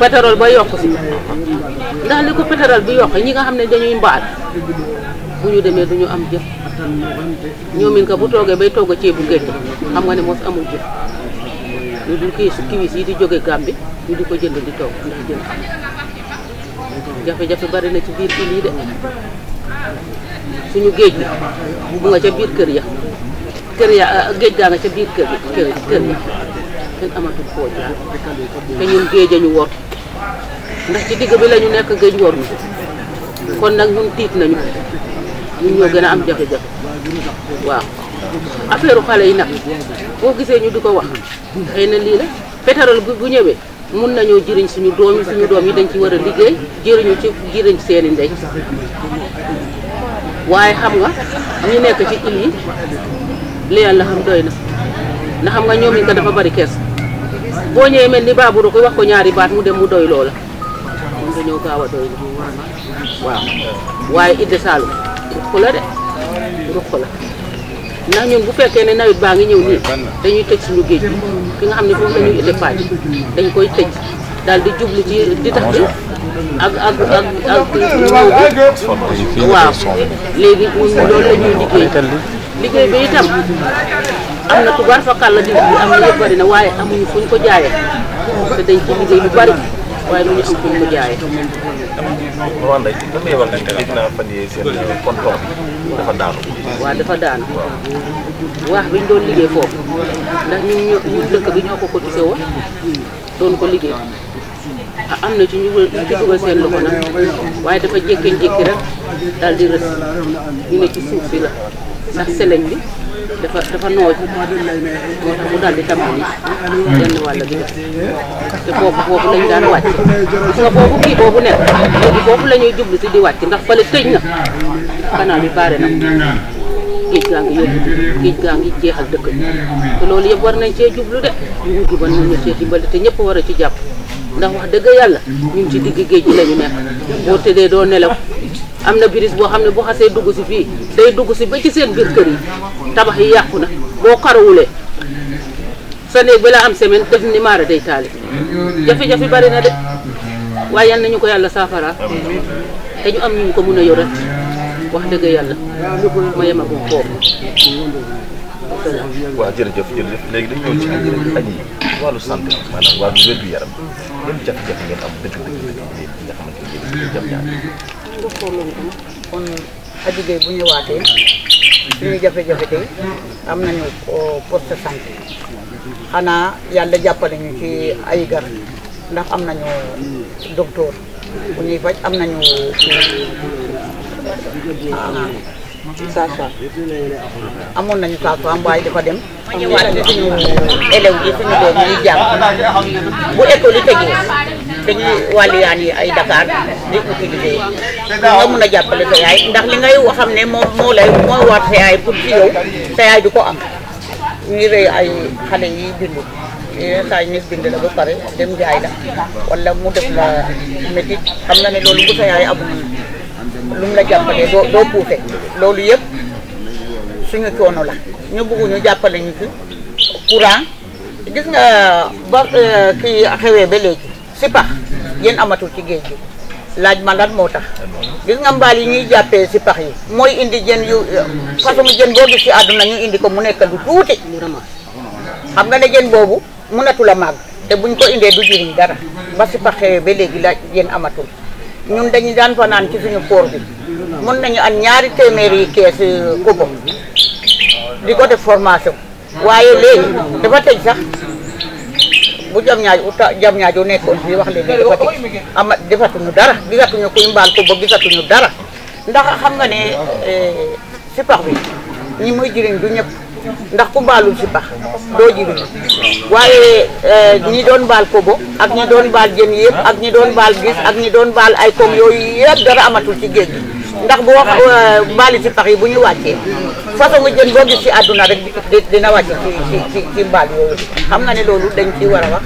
pétrole ba yokku si ndax li ko pétrole bi yokk ñi nga xam ne dañuy mbaal bu ñu demee duñu am jëf ñoomin bu toogee bay togg ceebu géej xam nga ne moos amul jëf lu dul kii su yi di jóge Gàmbi ñu di ko jënd di toog ndax jënd jafe-jafe bari na ci biir kii lii de suñu géej bi mu nga ca biir kër ya kër ya ah, géej gaa nga ca biir kër kër kër ya kenn amatul foo jaar te ñun géej a ñu wor ndax ci digg bi la ñu nekk géej wor ñu kon nag ñun tiit nañu ñun ñoo gën a am jafe-jafe waaw affaire xale yi nag boo gisee ñu di ko wax xëy na lii la pétrole bu ñëwee mun nañoo jëriñ suñu doom yi suñu doom yi dañ ci war a liggéey jëriñu ci jëriñ seeni ndey waaye xam nga ñu nekk ci il yi li yàlla xam doy na ndax xam nga ñoom it dafa bari kees boo ñëwee mel ni Babou koy wax ko ñaari baat mu dem mu doy loola moom dañoo gaaw a doy waaw waaye Idda Saalum ruq la de ruq la ndax ñun bu fekkee ne nawet baa ngi ñëw nii dañuy tëj suñu géej gi ki nga xam ne foofu la ñuy Idda Faaj dañ koy tëj. daal di jublu ci di tax bi ak ak ak ak ñëw waaw léegi loolu la liggéey bi itam am na tubaar fakal la dindi bi am na yëpp bari na waaye amuñu fuñ ko jaayee te dañ ci liggéey lu bari waaye lu ñu am fuñ ko jaayee Mawal a gis naa fan yii seen ponton dafa daanu. waaw bi ñu doon liggéey foofu ndax ñun ñoo dëkk bi ñoo ko cotisé woon doon ko liggéey. Ah, am na ci ñu ci dugal seen loxo nag waaye dafa jékki-jékki rek daal di rës ñu ne ci suuf si la ndax seleñ bi dafa dafa nooj moo tax mu daal di tàmbali benn wàll bi te foofu foofu lañ daan wàcc gis di wàcc ndax fële tëj na canal bi baare na géej gaa ngi yóbbu géej gaa ngi jeexal dëkk te loolu yëpp war nañ cee jublu de ñu gi war nañu cee dimbali te ñëpp war a ci jàpp ndax wax dëgg yàlla ñun ci digg géej gi la ñu nekk boo tëddee doo nelaw am na biris boo xam ne bu xasee dugg si fii day dugg si ba ci seen biir kër yi tabax yi yàqu na boo karawulee sa néeg ba la am semaine def ni maara day taali jafe-jafe bari na de waaye yal nañu ko yàlla saafara te am ñu ko mën a yorat wax dëgg yàlla ma yem ak waaw jërëjëf jërëjëf léegi dañu ñëw ci añ yi wàllu santé maanaam wàllu wér gu yaram yan jafe ngeen am dëgg dëgg dëgg nga xamante ne jam kon Adji bu ñëwaatee suñu jafe-jafe tey am nañu euh, poste santé xanaa yàlla jàppale ñu ci ay gar ndax am nañu euh, docteur bu ñuy faj am nañu euh, sage-femme amoon nañu sage-femme waaye dafa dem ñun suñu élèves yi suñu doom yi ñuy jàng bu école yi tëjee dañuy wàlliyaan yi ay Dakar di utiliser nga mun a jàppale sa ndax li ngay xam ne moom moo lay moo war sa yaay pour ci yow sa du ko am ñuy rëy ay xale yi bindu yenn saa yi ñu bind la ba pare dem jaay la wala mu def la métit xam na ne loolu bu sa amul lu mu la jàppalee doo doo loolu yëpp suñu coono la ñu bëgg ñu jàppale ñu ci courant gis nga ba euh, kii xewee ba léegi si pax amatul ci géej gi laaj ma lan moo tax gis nga mbaal yi ñuy jàppee si yi mooy indi jën yu euh, façon jën boo gis si àdduna ñu indi ko mu nekk lu tuuti xam nga ne jën boobu mënatul a mag te buñ ko indee du jëriñ dara ba si pax xewee ba léegi laaj yéen amatul ñun dañu daan fa naan ci suñu koor bi mun nañu am ñaari téeméeri kees euh, kubo di ko def formation waaye léegi dafa tëj sax bu jam ñaaj uta jam ñaajo nekkoon bi wax leen dafa tëj ama defatuñu dara gisatuñu kuy mbaal kubo gisatuñu dara ndax xam nga ne euh, sipax bi ñi muy jëriñ du ñëpp ndax ku baalul si pax doo waaye eh, ñi doon baal kobo ak ñi doon baal jën yëpp ak ñi doon baal gis ak ñi doon baal ay koom yooyu yëpp dara amatul ci géej gi ndax boo eh, baali si pax yi bu ñu wàccee façon nga jën boo gis ci àdduna rek dina wàcc ci ci ci mbaal yooyu xam nga ne loolu dañ ci war a wax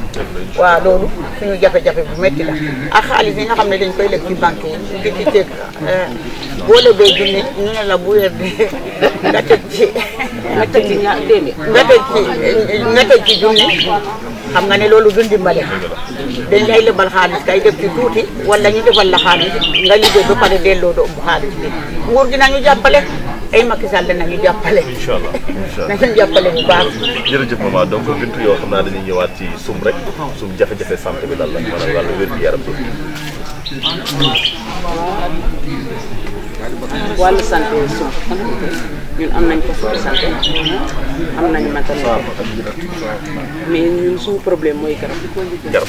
waaw loolu suñu jafe-jafe bu metti la ak xaalis yi nga xam ne dañ koy lekk ci bank yi di teg eh, boo lebee junni ñu ne la bu weer bi nga teg ci nga teg ci nga teg nga teg ci junni xam nga ne loolu du ndimbale dañ lay lebal xaalis kay def ci tuuti wala ñu defal la xaalis nga liggéey ba pare delloo doomu xaalis bi nguur gi jàppale ay Macky Sall danañu jàppale. incha allah incha allah danañu jàppale bu baax. jërëjëf maman donc bintu yoo xam naa dañuy ñëwaat ci sum rek. sum jafe-jafe santé bi lan la maanaam wàllu wér gu yaram bi. wàllu santé sum ñun am nañ ko de santé am nañ maternité mais ñun suñu problème mooy garab. garab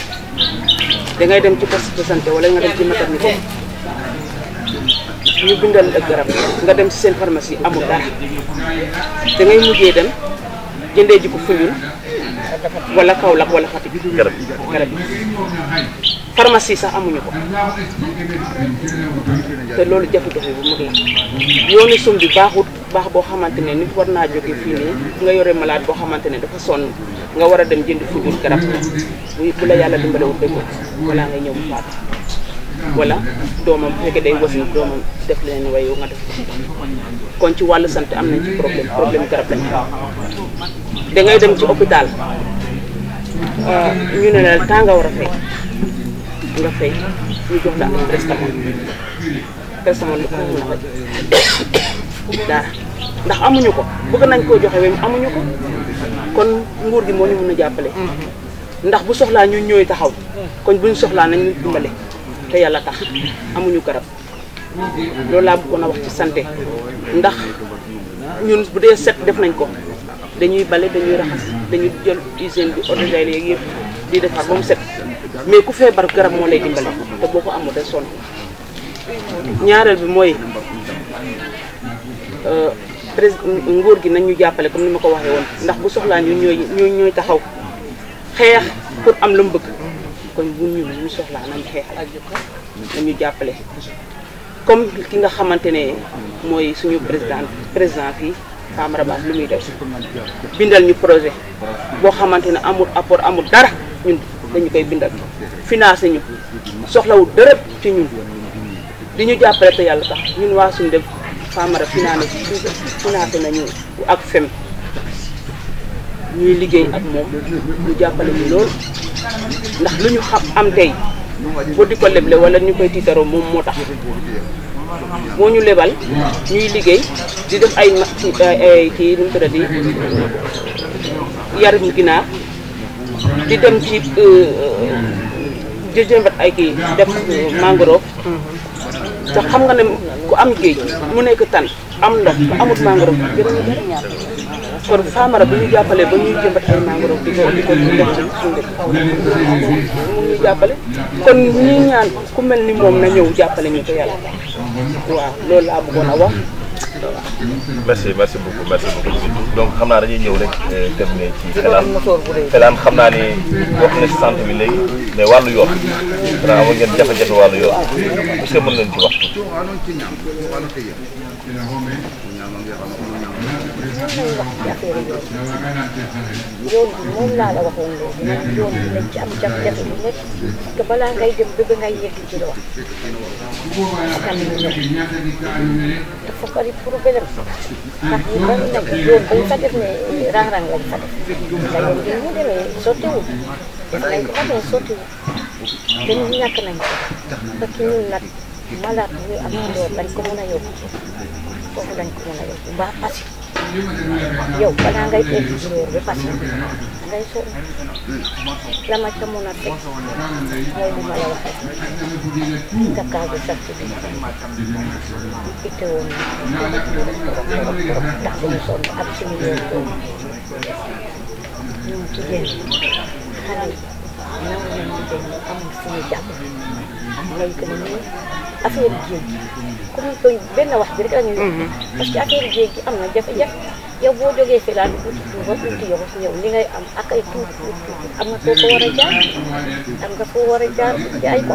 da ngay dem ci poste de santé wala nga dem ci maternité. ñu bindal la garab nga dem ci seen pharmacie amul dara da ngay mujjee dem jëndee ji ko Foundiougne wala Kaolack wala Fatick. garab yi garab yi pharmacie sax amuñu ko te loolu jafe-jafe bu mag la yoonu sum bi baaxut baax boo xamante ne nit war naa jóge fii nii nga yore malade boo xamante ne dafa sonn nga war a dem jënd Foundiougne garab bu bu la yàlla dimbalewul dëgg balaa ngay ñëw faatu. wala doomam bu fekkee day wasin doomam def leen wayu nga def kon ci wàllu sant am nañ ci problème problème garab lañ da dem ci hôpital euh, ñu ne la temps nga war a fay nga jox la am prestamol lu ko mun a faj ndax amuñu ko bëgg nañ koo joxe wem amuñu ko kon nguur gi moo ñu mun a jàppale mm-hmm. ndax bu soxlaa ñun ñooy taxaw kon buñ soxlaa nañ ñu dimbale te yàlla tax amuñu garab loolu laa bëggoon a wax ci santé ndax ñun bu dee set def nañ ko dañuy bale dañuy raxas dañuy jël hygiène bi eau de javel yeeg di defar ba mu set mais ku feebar garab moo lay dimbale te boo ko amul day sonn ñaareel bi mooy euh, président nguur gi nañ ñu jàppale comme ni ma ko waxee woon ndax bu soxlaa ñu ñooy ñooy taxaw xeex pour am lu mu bëgg. kon bu ñu ñu soxlaa nañu xeexal nañu jàppale comme ki nga xamante ne mooy suñu président président yi Famara Ba lu muy def bindal ñu projet boo xamante ne amul apport amul dara ñun dañu koy bindal financé ñu soxlawul dërëb ci ñun di ñu jàppale te yàlla tax ñun waa suñu def Famara financé financé nañu ak FEM ñuy liggéey ak moom ñu jàppale ñu lool ndax lu ñu xam am tey ba di ko leble wala ñu koy tiitaroo moom moo tax moo ñu lebal ñuy liggéey di def ay ay kii nu mu tuddati yarum ginaar di dem ci euh, euh, jëjëmbat ay kii def euh, mangrove te xam nga ne ku am géej mu nekk tan am ndox amut mangrove jërëjëf kon Famara bu ñu jàppalee ba ñuy jëmbat ay mangrove di ko di ko def kon ñuy ñaan ku mel ni moom na ñëw jàppale ñu ko yàlla waaw loolu laa bëggoon a wax merci merci beaucoup merci beaucoup donc xam naa dañuy ñëw rek euh, terminé ci xelaan xelaan xam naa ne wax na ci sant bi léegi mais wàllu yoon xanaa amoon ngeen jafe-jafe wàllu yoon est-ce mën nañu ci wax mën nañu wax ci affaire yooyu yoon bi moom laa la waxoon loolu naan yoon bi nañ ci am jafe-jafe bu nekk parce que balaa ngay dem bëgg ngay yegg ci la wax dafa bari problème ndax ñu bari nag yoon bañ fa def ne rang-rang lañ fa def ndax yoon bi mu demee sottiwul def nañ ko xam ne sottiwul te ñun ñàkk nañ ko parce que ñun nag malade bu am doon dañ ko mën a yóbbu foofu dañ ko mën a yóbbu mbaa pasi yow balaa ngay teg ci loolu bi parce que ngay la ma ca mun a teg mooy li la waxee kakaaw bi sax si biir itteewoon na ndax bu ñu ku ñu koy benn wax bi rek la ñuy mhm. wax parce que affaire géej gi am na jafe-jafe yow boo jógee fi laan uti tuuba uti yoxos yow li ngay am ak ay am nga foo ko war a jaar am nga foo war a jaar jaay ko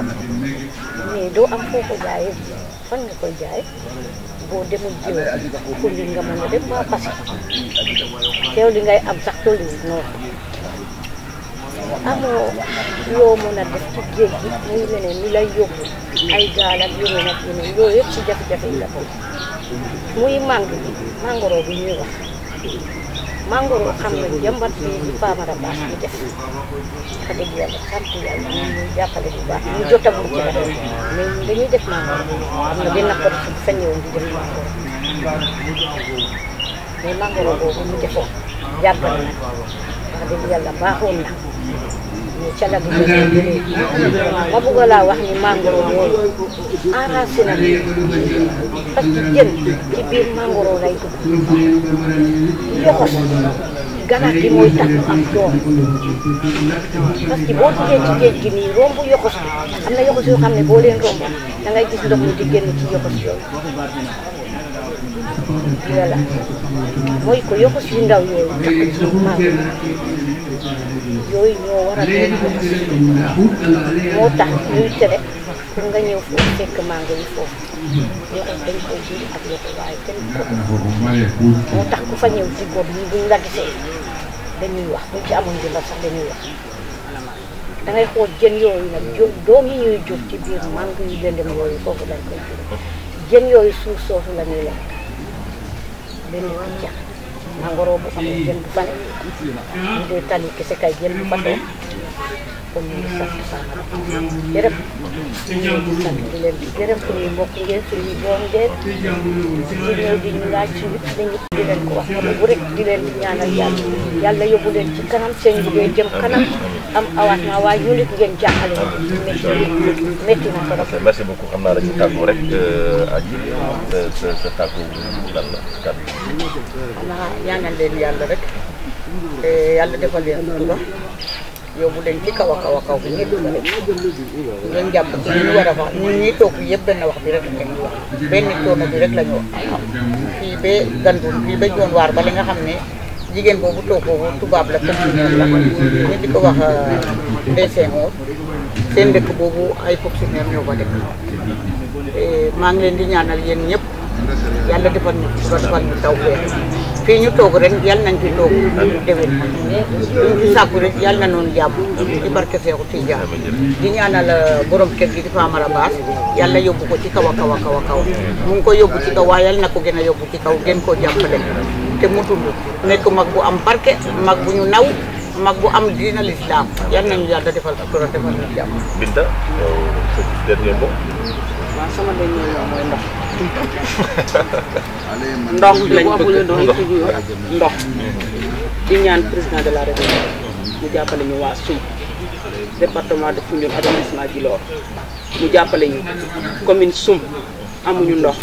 mais doo am foo ko koy jaay boo demul jiw pour li nga mën a dem waa Passy teew li ngay am sax toll noonu amoo loo mën a def ci géej gi muy leneen ni lay yóbbu ay gaal ak yeneen ak yooyu yëpp ci jafe-jafe yi la ko muy mango bi mangoro bi ñuy wax mangoro xam nañ jëmbat fii ci Pamara Ba baax ñu def mais na benn ko boobu mu defoon jàppale na wax dëgg yàlla baaxoon na ñu calag bi ma bëgg laa wax ni mangoro yooyu enraciné na parce que jën ci biir mangoro lay dugg yoxos ganaar gi mooy tax am doom parce boo duggee ci géej nii romb yoxos bi am na yoxos yoo xam ne boo romb da gis ndox mi di génn ci yoxos yooyu voilà mooy ko yokk suñu ndaw yooyu takk ci maam ñoo war a doon moo tax ñuy tere pour nga ñëw foofu fekk mango yi foofu yokk dañ koy ji ak yokk waaye kenn ko moo tax ku fa ñëw ci góob ñi buñ la gisee dañuy wax buñ ci amoon jëndal sax dañuy wax da ngay xool jën yooyu nag jur doom yi ñuy jur ci biir mango yi lëndëm yooyu foofu lañ koy jur jën yooyu suuf soosu la ñuy benn picca nangoro bu amul jën bu fa ne ñu koy tali kay jën bu fa kon ñu ngi sant Fane Faye di leen gërëm di sant di leen gërëm suñuy mbokk ngeen suñuy doom ngeen di ñëw di ñu laaj ci nit ñi di leen ko wax dama bu rek di leen ñaanal yàlla yàlla yóbbu kanam seen liggéey ko xam naa la ñu tàggoo rek euh, aji ñaanal leen yàlla rek yàlla defal leen suba. yóbbu leen ci kaw a kaw a kaw bi ñëpp ngeen jàpp ci ñu war a wax ñun ñuy toog fii yëpp benn wax bi rek lañ wax la ñu ba gandul waar ba li nga xam ne jigéen boobu toog boobu tubaab la fonctionnaire la ñu di ko wax euh, DCMO seen dëkk boobu ay fonctionnaire ñoo ko def maa ngi leen di ñaanal yéen ñëpp yàlla defal ñu defal ñu taw feex fii ñu toog rek yal nañ ci toog déwén duñ ci sàkku rek yal na noonu jàmm ci barke Seexu Tijaan di ñaanal euh, borom kër gi di Famara Baas yàlla yóbbu ko ci kawa a kaw a kaw a mu ngi ko yóbbu ci kaw waaye yal na ko gën a yóbbu ci kaw gën koo jàppale te mu tudd nekk mag bu am barke mag bu ñu naw mag bu am diina lislaam yal nañu yàlla defal ko la defal ñu jàmm Binta yow sa dernier ndox lañ bëgg ndox di ñaan président de la république mu jàppale ñu waa Sum département de Foundiougne arrondissement Djilor mu jàppale ñu commune Sum amuñu ndox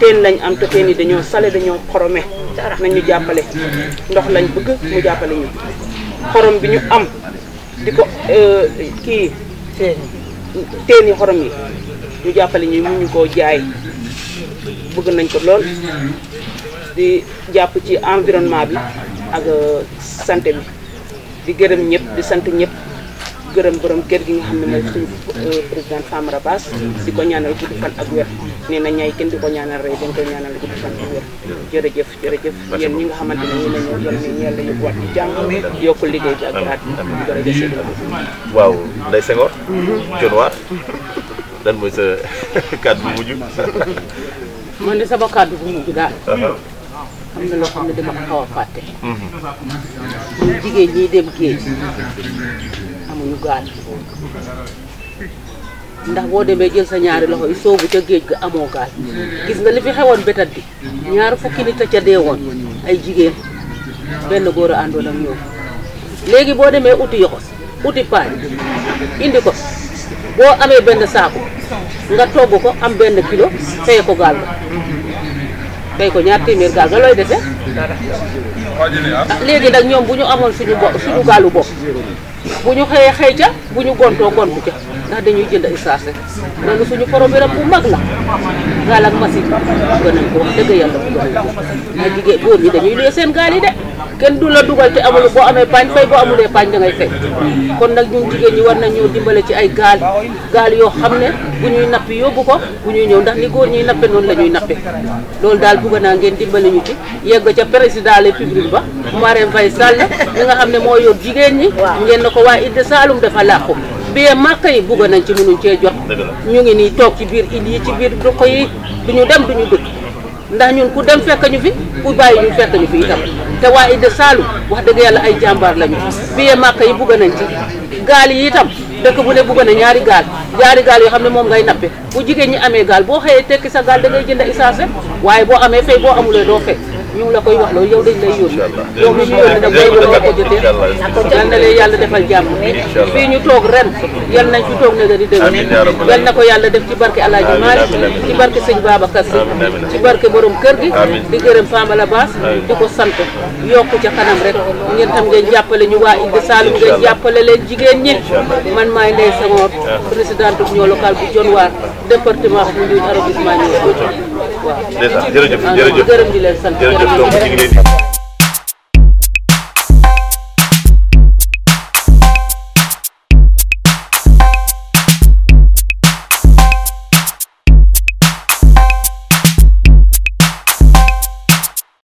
teen lañ am te teen yi dañoo sale dañoo xorome nañ ñu jàppale ndox lañ bëgg mu jàppale ñu xorom bi ñu am di ko euh, kii teeni xorom yi ñu jàppale ñu mun ñu ko jaay bëgg nañ ko lool di jàpp ci environnement bi ak euh, santé bi di gërëm ñëpp di sant ñëpp gërëm borom kër gi nga xam ne mooy suñu euh, président Famara Bass di ko ñaanal gudd fan ak wér nee na ñaay kenn di ko ñaanal rey dañ koy ñaanal gudd fan ak wér jërëjëf jërëjëf yéen ñi nga xamante ne ñu ne ñoo jël ñu yàlla yóbbuwaat ci jàmm yokku liggéey bi ak raat jërëjëf waaw Ndeye Senghor John mhm. Waar lan xam ne dama xaw a fàtte ñu mhm. jigéen ñi dem géej xamuñu gaal ndax boo demee jël sa ñaari loxo yi soobu ca géej ga amoo gaal gis nga li fi xewoon bétat bi ñaar fukki nit a ca deewoon ay jigéen benn góor a àndoon ak ñoom léegi boo demee uti yoxos uti paañ indi ko boo amee benn saako nga togg ko am benn kilo fay ko gaal ga fay ko ñaar téeméer gaal ga looy defee ah. léegi nag ñoom bu ñu amoon suñu bo suñu gaalu bopp bu ñu xëyee xëy ca bu ñu gontoo gontu ca ndax dañuy jënd ay saase loolu suñu problème bu mag la gaal ak machine bëgg nañ ko wax dëgg yàlla bu gën a mais jigéen góor ñi dañuy lée seen gaal yi de du la dugal te amul boo amee paañ fay kon nag ñun jigéen ñi war nañoo dimbale ci ay gaal gaal yoo xam ne bu nappi yóbbu ko bu ñuy ñëw ndax ni góor ñuy nappe noonu la ñuy nappe loolu daal bëgg naa ngeen dimbale ñu ci yegg ca président république ba Marème Faye Sall mi nga xam ne moo yor jigéen ñi ngeen na ko waa Idda Saalum dafa làqu bi bee màkk yi bugg nañ ci mënuñ cee jot ñu ngi nii toog ci biir il yi ci biir duq yi ñu dem duñu dëkk ndax ñun ku dem fekk ñu fi ku bàyyi ñu fekk ñu fi tam te waa Ida saalu wax dëgg yàlla ay jàmbaar lañu biyee màkk yi bugg nañ ci gaal yi itam dëkk bu ne bugg na ñaari gaal ñaari gaal yoo xam ne moom ngay nappe bu jigéen ñi amee gaal boo xëyee tekki sa gaal da ngay jënd isaase waaye boo amee fay boo amulee doo fekk ñu ngi la koy wax loolu yow dañ lay yónni yow mi ñu yónni nag boo ko ko yal na leen yàlla defal jàmm fii ñu toog ren yal nañ fi toog nega di déwén yal na ko yàlla def ci barke Alaaji Maalik ci barke sëñ Babacar Si ci barke borom kër gi di gërëm Famba la Baas di ko sant yokku ca kanam rek ngeen tam ngeen jàppale ñu waa Inde Saloum ngeen jàppale leen jigéen ñi man maay Ndeye Senghor ah. présidente union locale bu Dionewar département bu Foundiougne arrondissement Nioro waaw jërëjëf jërëjëf gërëm di leen sant def donc ñu ngi leen di.